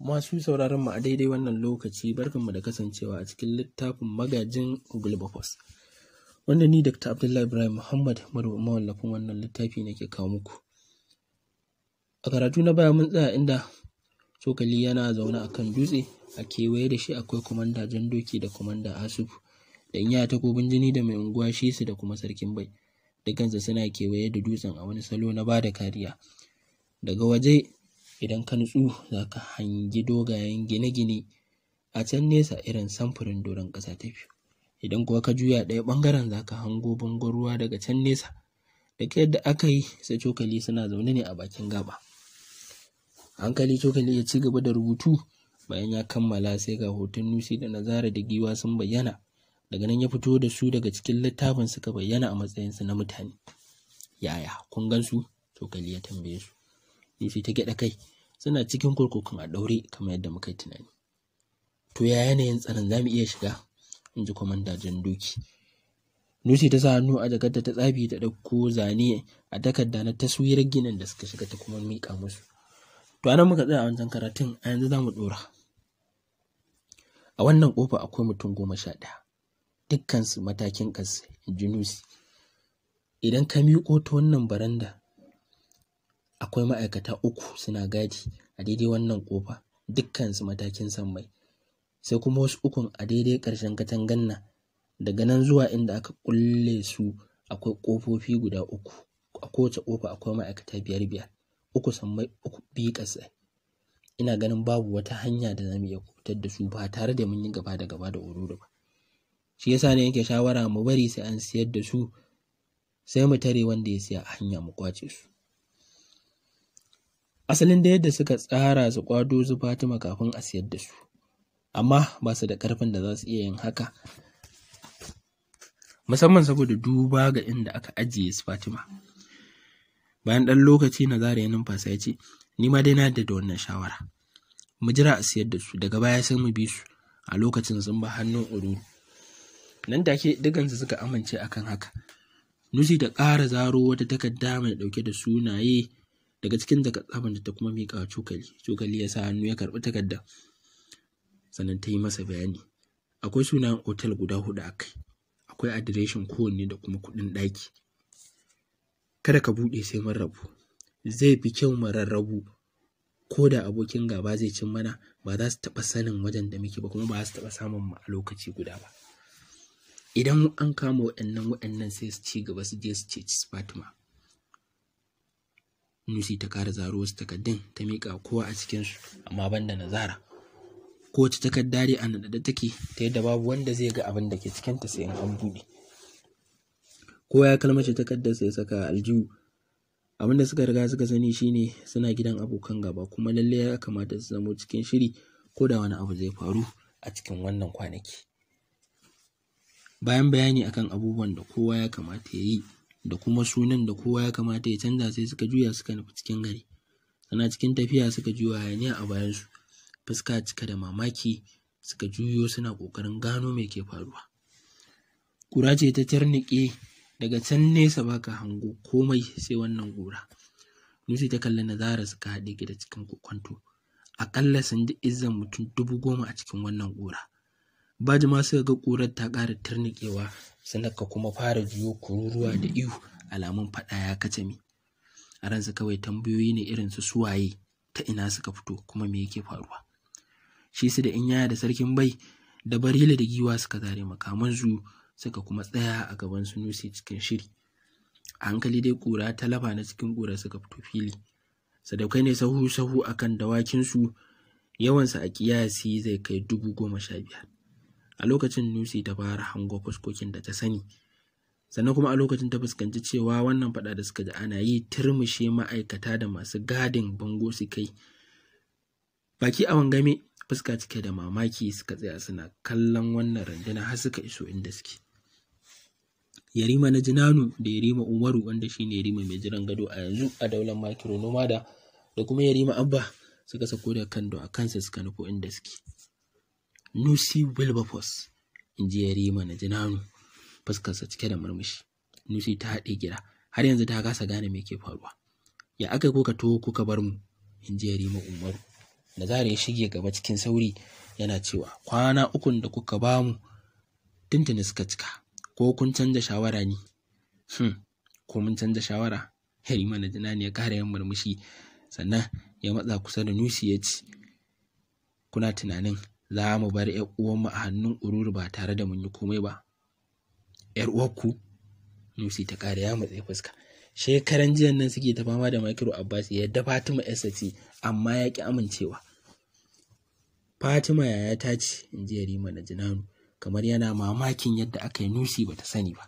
Masu sauraron mu a daidai wannan lokaci barkanmu da kasancewa a cikin littafin magajin Google Bakwas. Wanda ni Dr. Abdullahi Ibrahim Muhammad mawallafin wannan littafi nake kawo muku. A karatu na baya mun tsaya inda cokali yana zaune a kan dutse a kewaye da shi akwai kwamanda jan doki da kwamanda Asuf da inya takobin jini da mai unguwa shisu da kuma sarkin bai. Dukansa suna kewaye da dutsen a wani salo na bada kariya. Daga waje idan ka nutsu za ka hangi dogayen gine-gine a can nesa irin samfurin doron ƙasa ta biyu idan kuwa ka juya ɗaya ɓangaren za ka hango bangon ruwa daga can nesa da daga yadda aka yi sai cokali suna zaune ne a bakin gaba hankali cokali ya ci gaba da rubutu bayan ya kammala sai ga hoton nusi da nazara da giwa sun bayyana daga nan ya fito da su daga cikin littafin suka bayyana a matsayinsu na mutane yaya kun gan cokali ya tambaye su nusi ta gyaɗa kai suna cikin kurkukun a ɗaure kamar yadda muka yi tunani to ya yanayin tsaron za mu iya shiga in ji kwamanda jan doki Nusi ta sa hannu a jakarta ta tsabi ta ɗauko zane a takarda na taswirar ginin da suka shiga ta kuma miƙa musu. To anan muka tsaya a wancan karatun a yanzu za mu ɗora. A wannan ƙofa akwai mutum goma sha ɗaya. Dukkansu matakin ƙasa, in ji Lucy. Idan ka miƙo ta wannan baranda akwai ma'aikata uku suna gadi a daidai wannan ƙofa dukkansu matakin sammai sai kuma wasu ukun a daidai ƙarshen katangan nan daga nan zuwa inda aka kulle su akwai ƙofofi guda uku a kowace ƙofa akwai ma'aikata biyar biyar uku sammai uku biyu ƙasai ina ganin babu wata hanya da zamu iya kubutar da su ba tare da mun yi gaba da gaba da ururu ba shi yasa ne yake shawara mu bari sai an siyar da su sai mu tare wanda ya siya a hanya mu kwace su asalin da yadda suka tsara su kwado su fatima kafin a siyar da su amma ba su da karfin da za su iya yin haka musamman saboda duba ga inda aka ajiye su fatima bayan ɗan lokaci na zara ya numfasa ya ce ni ma dai na yadda da wannan shawara mu jira a siyar da su daga baya sai mu bi su a lokacin sun ba hannun uru nan da ke dukansu suka amince akan haka nusi da ƙara zaro wata takarda mai ɗauke da sunaye daga cikin jakar da ta kuma miƙa wa cokali cokali ya sa hannu ya karɓi takarda sannan ta yi masa bayani akwai sunan otal guda hudu a kai akwai adireshin kowanne da kuma kuɗin ɗaki kada ka buɗe sai mun rabu zai fi kyau mu rarrabu ko da abokin gaba zai cin mana ba za su taɓa sanin wajen da muke ba kuma ba za su taɓa samun mu a lokaci guda ba idan an kama waɗannan waɗannan sai su ci gaba su je su su Fatima Nusi ta kara zaro wasu takaddun ta miƙa kowa a cikinsu amma banda Nazara. Kowace takarda dai a naɗaɗe take ta yadda babu wanda zai ga abin da ke cikinta sai in an buɗe. Kowa ya kalmace takarda ya saka aljihu. Abin da suka riga suka sani shine suna gidan abokan gaba kuma lalle ya kamata su zamo cikin shiri ko da wani abu zai faru a cikin wannan kwanaki. Bayan bayani akan abubuwan da kowa ya kamata ya yi da kuma sunan da kowa ya kamata ya canza sai suka juya suka nufi cikin gari suna cikin tafiya suka juyo hayaniya a bayansu fuska cika da mamaki suka juyo suna ƙoƙarin gano mai ke faruwa ƙura ce ta tarnike daga can nesa baka hango komai sai wannan gora. nusi ta kalli Nazara suka haɗe gida cikin kokonto Aƙalla sun ji izan mutum dubu goma a cikin wannan gora. ba jima suka ga ƙurar ta ƙara turnikewa sannan ka kuma fara jiyo kururuwa da ihu alamun faɗa ya kacame a ransa kawai tambayoyi ne irin su suwaye ta ina suka fito kuma me yake faruwa shi su da in yaya da sarkin bai da barila da giwa suka zare makamansu suka kuma tsaya a gaban su nusi cikin shiri a hankali dai ƙura ta laba na cikin ƙura suka fito fili sadaukai ne sahu sahu akan dawakinsu yawansa a kiyasi zai kai dubu goma sha biyar a lokacin nusi ta fara hango fuskokin da ta sani sannan kuma a lokacin ta fuskanci cewa wannan faɗa da suka ji ana yi turmushe ma'aikata da masu gadin bango su kai baki a wangame fuska cike da mamaki suka tsaya suna kallon wannan randuna har suka iso inda suke yarima na jinanu da yarima umaru wanda shine yarima mai jiran gado a yanzu a daular makiro nomada da kuma yarima abba suka sako da kando a kansa suka nufo inda suke Nusi Wilberforce, in ji Yarima na jinanu, fuskarsa cike da murmushi. Nusi ta haɗe gida, har yanzu ta kasa gane me ke faruwa. Ya aka kuka to kuka bar mu, in ji Umaru. Nazara ya shige gaba cikin sauri yana cewa kwana ukun da kuka ba mu tuntuni suka cika ko kun canza shawara ne hmm. ko mun canza shawara yarima na jinani ya kara yan murmushi sannan ya matsa kusa da nusi ya ci kuna tunanin za mu bar ‘yar uwanmu a hannun ururu ba tare da mun yi komai ba ‘yar uwarku Nusi ta ƙara ya matsayi fuska shekaran jiyan nan suke ta fama da makiro Abbas ya yadda Fatima yarsa ce amma ya ƙi amincewa Fatima yaya ta ce in ji Yarima na Jinanu kamar yana mamakin yadda aka yi Nusi ba ta sani ba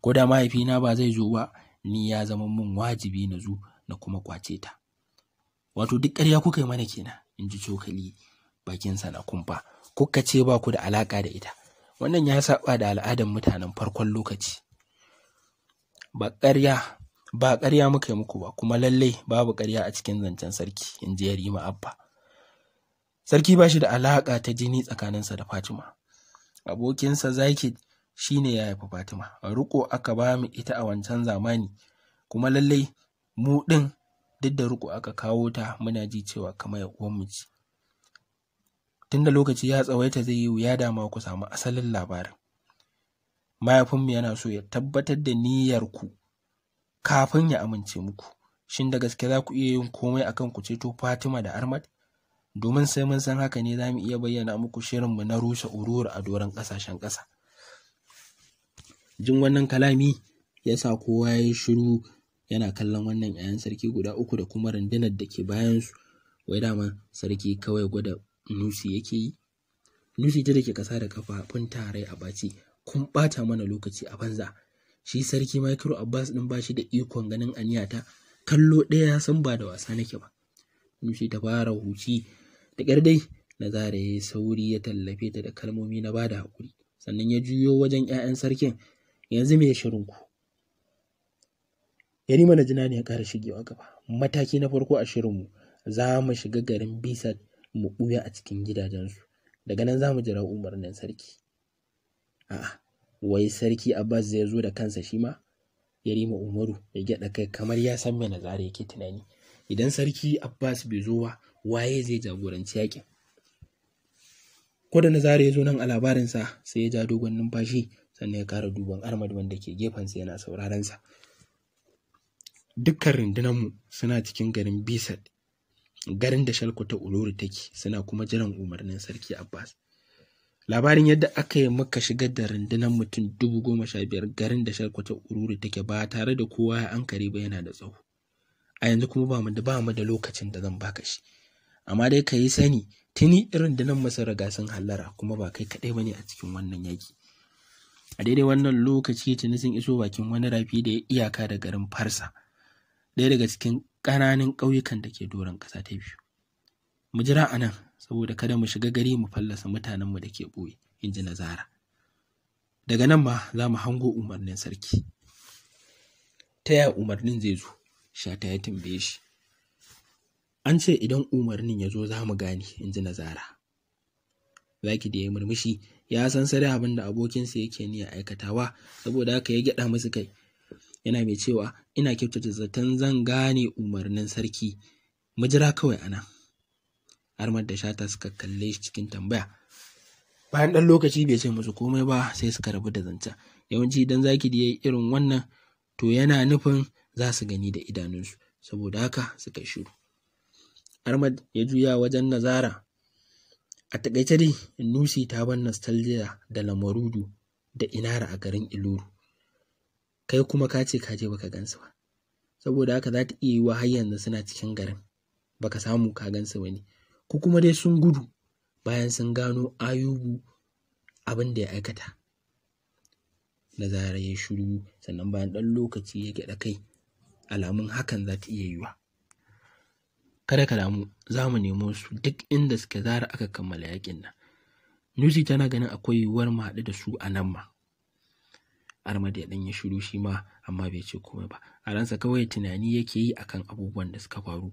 ko da mahaifina ba zai zo ba ni ya zama min wajibi na zu na kuma kwace ta wato duk ƙarya kuka yi mana kenan in ji cokali bakinsa na kumfa kuka ce ba ku da alaka da ita wannan ya saba da al'adar mutanen farkon lokaci ba ƙarya muka yi muku ba kuma lallai babu ƙarya a cikin zancen sarki in ji yarima abba sarki ba shi da alaƙa ta jini tsakaninsa da fatima abokinsa zaki shine ya haifi fatima riko aka ba mu ita a wancan zamani kuma lallai mu ɗin duk da riko aka kawo ta muna ji cewa kamar ya uwanmu ce Tun da lokaci ya tsawaita zai yi wuya dama ku samu asalin labarin mahaifinmu yana so ya tabbatar da niyyar ku kafin ya amince muku shin da gaske za ku iya yin komai akan ku ceto fatima da armad domin sai mun san haka ne za mu iya bayyana muku shirinmu na rushe ururu a doron ƙasashen ƙasa jin wannan kalami ya sa kowa ya yi shiru yana kallon wannan 'ya'yan sarki guda uku da kuma rundunar da ke bayansu wai dama sarki kawai gwada Nusi yake yi? Nusi ta dake ƙasa da ƙafafun tarai a ɓaci, kun ɓata mana lokaci a banza. Shi sarki Micro Abbas din bashi da ikon ganin aniyata, kallo ɗaya ya san ba da wasa nake ba. Nusi ta fara huci, da ƙyar na zare ya sauri ya tallafe ta da kalmomi na bada hakuri sannan ya juyo wajen ‘ya'yan sarkin, yanzu me shirin ku? Yarima na jina ne ya ƙara shigewa gaba, mataki na farko a shirin mu. za mu shiga garin Bisat mu ɓuya a cikin gidajensu daga nan za mu jira umarnin sarki a'a wai sarki abbas zai zo da kansa shi ma ya rima umaru ya gyaɗa kai kamar ya san mai nazari yake tunani idan sarki abbas bai zo wa waye zai jagoranci yaƙin? ko da nazara ya zo nan a labarinsa sai ya ja dogon numfashi sannan ya kara duban armad wanda ke gefensa yana sauraron sa dukkan rundunanmu suna cikin garin bisad garin da shalku ta uluru take suna kuma jiran umarnin sarki abbas labarin yadda aka yi maka shigar da rundunar mutum dubu goma sha biyar garin da shalku ta take ba tare da kowa ya ankare ba yana da tsawo a yanzu kuma ba mu da ba mu da lokacin da zan baka shi amma dai ka yi sani tuni irin da nan masu riga sun hallara kuma ba kai kaɗai bane a cikin wannan yaki a daidai wannan lokaci tuni sun iso bakin wani rafi da ya iyaka da garin farsa ɗaya daga cikin Ƙananan ƙauyukan da ke doron ƙasa ta biyu mu jira a nan saboda kada mu shiga gari mu fallasa mutanenmu da ke ɓoye in ji nazara daga nan ma za mu hango umarnin sarki ta yaya umarnin zai zo shata ya tambaye shi an ce idan umarnin ya zo za mu gane in ji nazara zaki da ya murmushi ya san sare abin da abokinsa yake niyya aikatawa saboda haka ya gyaɗa musu kai yana mai cewa ina kyautata zaton zan gane umarnin sarki mu kawai ana armar da shata suka kalle shi cikin tambaya bayan ɗan lokaci bai ce musu komai ba sai suka rabu da zancen yawanci idan zaki da yayi irin wannan to yana nufin za su gani da idanunsu saboda haka suka shiru armad ya juya wajen nazara a takaice dai nusi ta bar nostalgia da lamarudu da inara a garin iluru kai kuma ka ce ka je baka gansu ba saboda haka za ta iya yi har yanzu suna cikin garin baka samu ka gansu ba ne ko kuma dai sun gudu bayan sun gano ayubu abin da ya aikata na zarar ya shiru sannan bayan ɗan lokaci ya gyaɗa kai alamun hakan za ta iya yiwa kada ka damu za mu nemo su duk inda suke zara aka kammala yakin nan Nusi tana ganin akwai yiwuwar mu haɗu da su a nan ma Ahmad ya ɗan yi shiru shi ma amma bai ce komai ba a ransa kawai tunani yake yi akan abubuwan da suka faru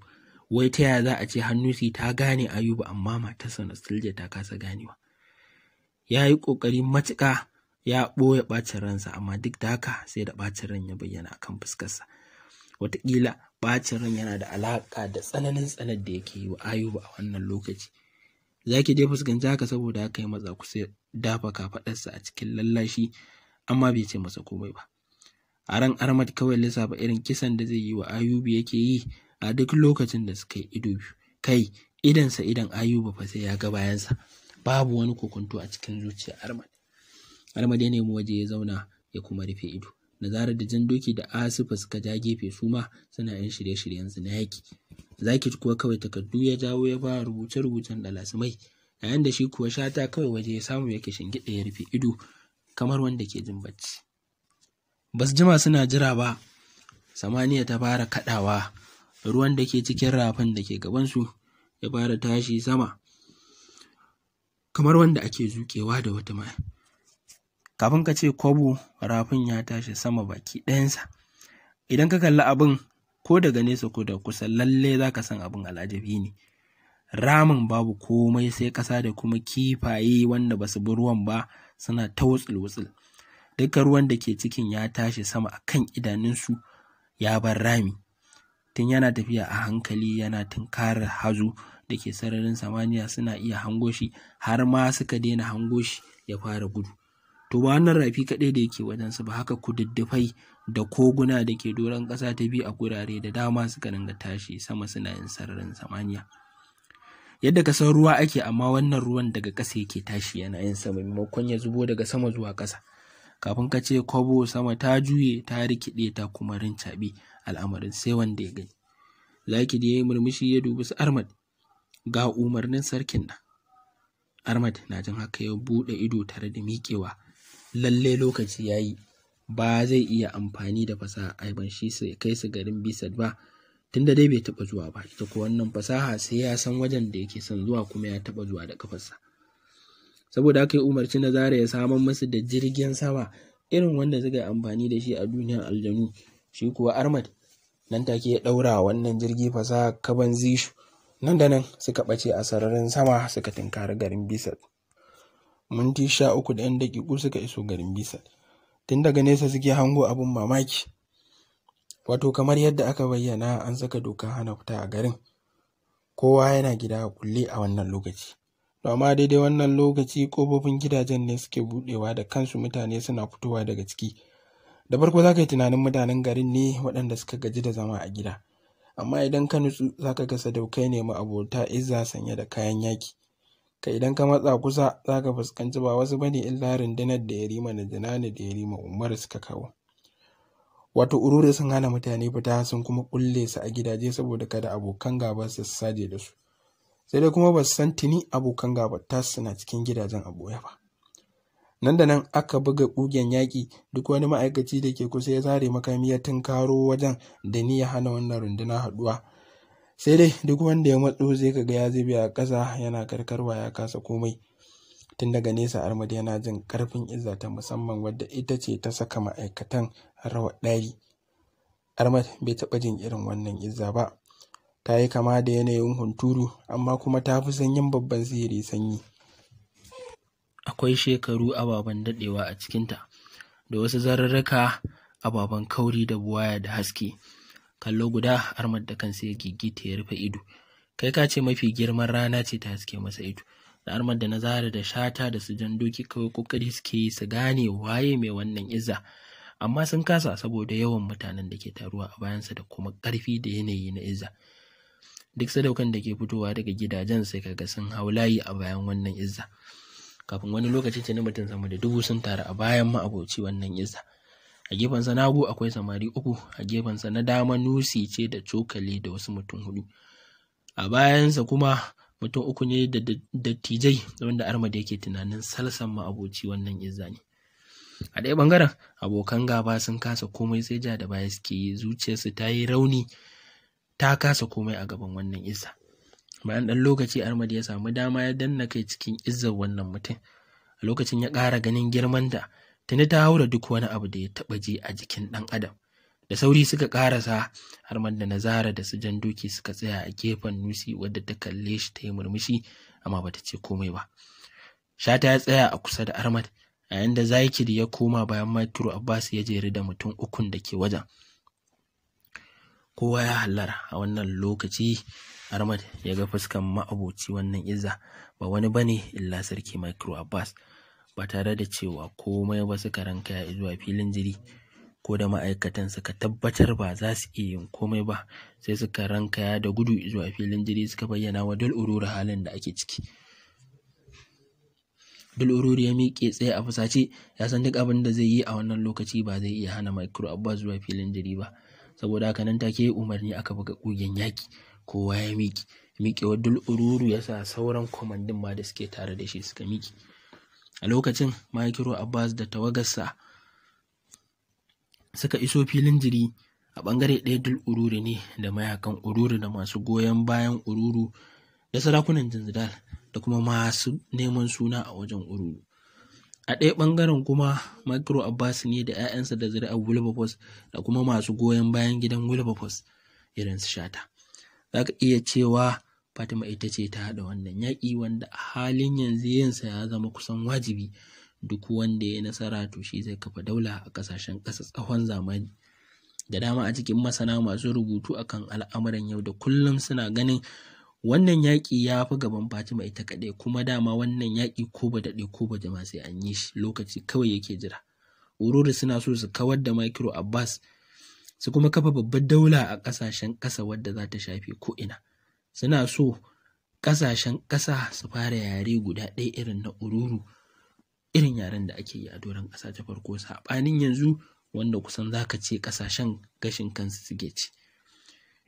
wai ta yaya za a ce hannu su ta gane ayuba amma matarsa nostalgia ta kasa ganewa ya yi kokari matuƙa ya ɓoye ɓacin ransa amma duk da haka sai da ɓacin ran ya bayyana akan fuskarsa wataƙila ɓacin ran yana da alaƙa da tsananin tsanar da yake yi wa ayuba a wannan lokaci za ki je fuskanci haka saboda haka yi matsa kusa dafa kafaɗarsa a cikin lallashi amma bai ce masa komai ba a ran armad kawai lissafa irin kisan da zai yi wa ayubu yake yi a duk lokacin da suka yi ido biyu kai idansa idan ayuba fa sai ya ga bayansa babu wani kokonto a cikin zuciya armad armad ya nemi waje ya zauna ya kuma rufe ido na zarar da jan doki da asifa suka ja gefe su ma suna yin shirye-shiryen su na yaki zakit kuwa kawai takardu ya jawo ya ba rubuce-rubucen dalasmai yayin da shi kuwa shata kawai waje ya samu yake shingiɗa ya rufe ido kamar wanda ke jin bacci ba jima suna jira ba samaniya ta fara kaɗawa ruwan da ke cikin rafin da ke gabansu ya fara tashi sama kamar wanda ake zukewa da wata mai kafin ka ce kwabo rafin ya tashi sama baki ɗayansa idan ka kalli abin ko daga nesa ko da kusa lalle za ka san abin alajabi ne ramin babu komai sai ƙasa da kuma kifaye wanda ba su bi ruwan ba suna ta wutsul-wutsul duka ruwan da ke cikin ya tashi sama a kan idanunsu ya bar rami tun yana tafiya a hankali yana tunkarar hazo da ke sararin samaniya suna iya hango shi har ma suka daina hango shi ya fara gudu to ba wannan rafi kaɗai da yake wajensu ba haka kududdufai da koguna da ke doron ƙasa ta biyu a gurare da dama suka ringa tashi sama suna yin sararin samaniya yadda ka san ruwa ake amma wannan ruwan daga ƙasa yake tashi yana yin sama maimakon ya zubo daga sama zuwa ƙasa kafin ka ce kwabo sama ta juye ta rikide ta kuma rincaɓe al'amarin sai wanda ya gani zaki da ya yi murmushi ya dubi su armad ga umarnin sarkin nan armad na jin haka ya buɗe ido tare da miƙewa Lallai lokaci ya yi ba zai iya amfani da fasaha aibanshi shi sai kai su garin bisad ba tunda dai bai taba zuwa ba ita ko wannan fasaha sai ya san wajen da yake son zuwa kuma ya taɓa zuwa da kafarsa saboda haka ya umarci nazara ya samar musu da jirgin sama irin wanda suka yi amfani da shi a duniyar aljanu shi kuwa armad nan take ya ɗaura wannan jirgin fasaha kaban zishu nan da nan suka ɓace a sararin sama suka tunkari garin bisa. minti sha uku da yan daƙiƙu suka iso garin bisa. tun daga nesa suke hango abin mamaki Wato kamar yadda aka bayyana an saka dokar hana fita a garin, kowa yana gida a kulle a wannan lokaci. To amma daidai wannan lokaci ƙofofin gidajen ne suke buɗewa da kansu mutane suna fitowa daga ciki. Da farko za ka yi tunanin mutanen garin ne waɗanda suka gaji da zama a gida. Amma idan ka nutsu za ka ga sadaukai ne abota izza sanye da kayan yaki." Ka idan ka matsa kusa za ka fuskanci ba wasu bane illa rundunar da Yarima Najinani da Yarima Umar suka kawo. wato Ururi sun hana mutane fita sun kuma kulle su a gidaje saboda kada abokan gaba su saje da su sai dai kuma ba su san tuni abokan gaba ta suna cikin gidajen aboya ba nan da nan aka buga kugen yaƙi duk wani ma'aikaci da ke kusa ya zare makami ya tunkaro wajen da ni ya hana wannan runduna haɗuwa sai dai duk wanda ya matso zai ga ya zube a ƙasa yana karkarwa ya kasa komai Tun daga nesa Ahmad yana jin karfin izza ta musamman wadda ita ce ta saka ma'aikatan rawa ɗari. Ahmad bai taɓa jin irin wannan izza ba. Ta yi kama da yanayin hunturu amma kuma ta fi sanyin babban sihiri sanyi. Akwai shekaru ababen daɗewa a cikinta da wasu zararraka ababen kauri da buwaya da haske. Kallo guda armad da kansa ya gigita ya rufe ido. Kai ka ce mafi girman rana ce ta haske masa ido. da armar da na da shata da su jan doki kawai kokari suke yi su gane waye mai wannan izza amma sun kasa saboda yawan mutanen da ke taruwa a bayansa da kuma karfi da yanayi na izza duk sadaukan da ke fitowa daga gidajen sai ga sun hau layi a bayan wannan izza kafin wani lokaci ce na mutum sama da dubu sun taru a bayan ma'aboci wannan izza a gefensa na hagu akwai samari uku a gefensa na dama nusi ce da cokali da wasu mutum hudu a bayansa kuma mutum uku ne da dattijai wanda armada yake tunanin salsan ma'aboci wannan izza ne a ɗaya ɓangaren abokan gaba sun kasa komai sai ja da baya suke yi zuciyarsu ta yi rauni ta kasa komai a gaban wannan izza bayan ɗan lokaci armadi ya samu dama ya danna kai cikin izzar wannan mutum a lokacin ya ƙara ganin girman girmanta tuni ta haura duk wani abu da ya taɓa je a jikin ɗan adam da sauri suka karasa har da nazara da su jan doki suka tsaya a gefen nusi wadda ta kalle shi ta yi murmushi amma ba ta ce komai ba shata ya tsaya a kusa da armad a da zakir ya koma bayan maturu abbas ya jeri da mutum ukun da ke wajen kowa ya hallara a wannan lokaci armad ya ga fuskan ma'aboci wannan izza ba wani bane illa sarki micro abbas ba tare da cewa komai ba suka ranka ya zuwa filin jiri ko da ma'aikatan suka tabbatar ba za su iya yin komai ba sai suka rankaya da gudu zuwa filin jiri suka bayyana wa dal halin da ake ciki Dul ururi ya miƙe tsaye a fusace ya san duk abin da zai yi a wannan lokaci ba zai iya hana micro abba zuwa filin jiri ba saboda haka nan take umarni aka buga kugen yaki kowa ya miƙe miƙewar dal ururu ya sa sauran kwamandin ma da suke tare da shi suka miƙe a lokacin micro abbas da tawagarsa suka iso filin jiri a bangare ɗaya dul Ururi ne da mayakan Ururi da masu goyon bayan ururu da sarakunan zanzidar da kuma masu neman suna a wajen ururu a ɗaya ɓangaren kuma micro abbas ne da 'ya'yansa da zuri'ar wilberforce da kuma masu goyon bayan gidan wilberforce irin su shata za ka iya cewa fatima ita ce ta haɗa wannan yaƙi wanda a halin yanzu yinsa ya zama kusan wajibi duk wanda ya yi nasara to shi zai kafa daula a kasashen kasa tsawon zamani da dama a cikin masana masu rubutu akan al'amuran yau da kullum suna ganin wannan yaƙi ya fi gaban fatima ita kaɗai kuma dama wannan yaƙi ko ba daɗe ko ba jama sai an yi shi lokaci kawai yake jira ururi suna so su kawar da makiro abbas su kuma kafa babbar daula a ƙasashen ƙasa wadda za ta shafe ina suna so ƙasashen ƙasa su fara yare guda ɗaya irin na ururu irin yaren da ake yi a doron ƙasa ta farko saɓanin yanzu wanda kusan za ka ce ƙasashen gashin kansu suke ci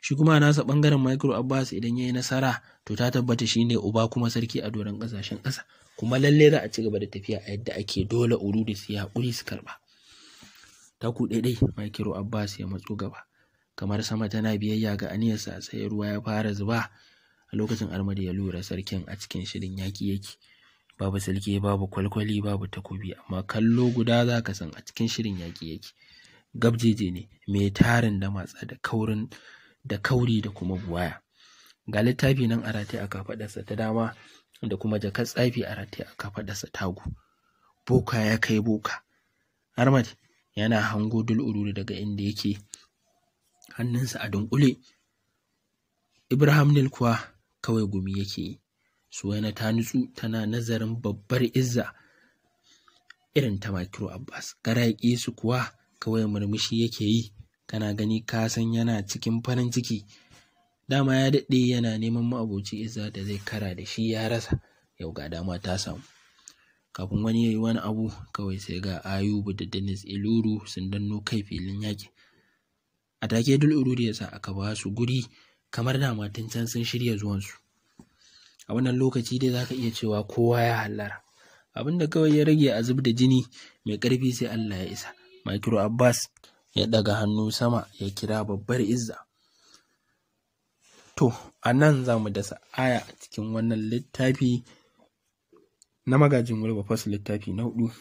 shi kuma nasa ɓangaren micro abbas idan ya yi nasara to ta tabbata shi ne uba kuma sarki a doron ƙasashen ƙasa kuma lalle za a ci gaba da tafiya a yadda ake dole uru da su haƙuri su karɓa taku ɗaiɗai micro abbas ya matso gaba kamar sama tana biyayya ga aniyarsa sai ruwa ya fara zuba a lokacin armadi ya lura sarkin a cikin shirin yaƙi yake babu silke babu kwalkwali babu takobi amma kallo guda za ka san a cikin shirin yaƙi yake gabjeje ne mai tarin da matsa da kaurin da kauri da kuma buwaya ga littafi nan a rataye a kafaɗarsa ta dama da kuma jakar tsafi a rataye a kafaɗarsa tagu boka ya kai boka Ahmad yana hango dul'ururu daga inda yake hannunsa a dunkule Ibrahim Nil kuwa kawai gumi yake yi Suwaina ta nutsu tana nazarin babbar izza irin ta makiro Abbas. Garaƙi su kuwa kawai murmushi yake yi, kana gani ka san yana cikin farin ciki. Dama ya daɗe yana neman ma'aboci izza da zai kara da shi ya rasa, yau ga dama ta samu. Kafin wani ya yi wani abu kawai sai ga Ayubu da Dennis Iluru sun danno kai filin yaki. A take Dul'ururi ya sa aka ba su guri kamar da matan can sun shirya zuwansu. a wannan lokaci dai zaka iya cewa kowa ya hallara abin da kawai ya rage a zub da jini mai ƙarfi sai Allah ya isa makiro Abbas ya ɗaga hannu sama ya kira babbar izza to a nan za mu dasa aya cikin wannan littafi na magajin gurba fas littafi na hudu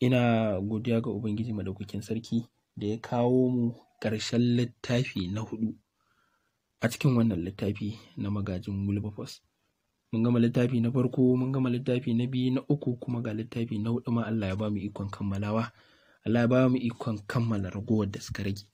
ina godiya ga ubangiji madaukakin sarki da ya kawo mu ƙarshen littafi na hudu a cikin wannan littafi na magajin Wilberforce. Mun gama littafi na farko, mun gama littafi na biyu, na uku kuma ga littafi na hudu ma Allah ya ba mu ikon kammalawa. Allah ya ba mu ikon kammala ragowar da suka rage.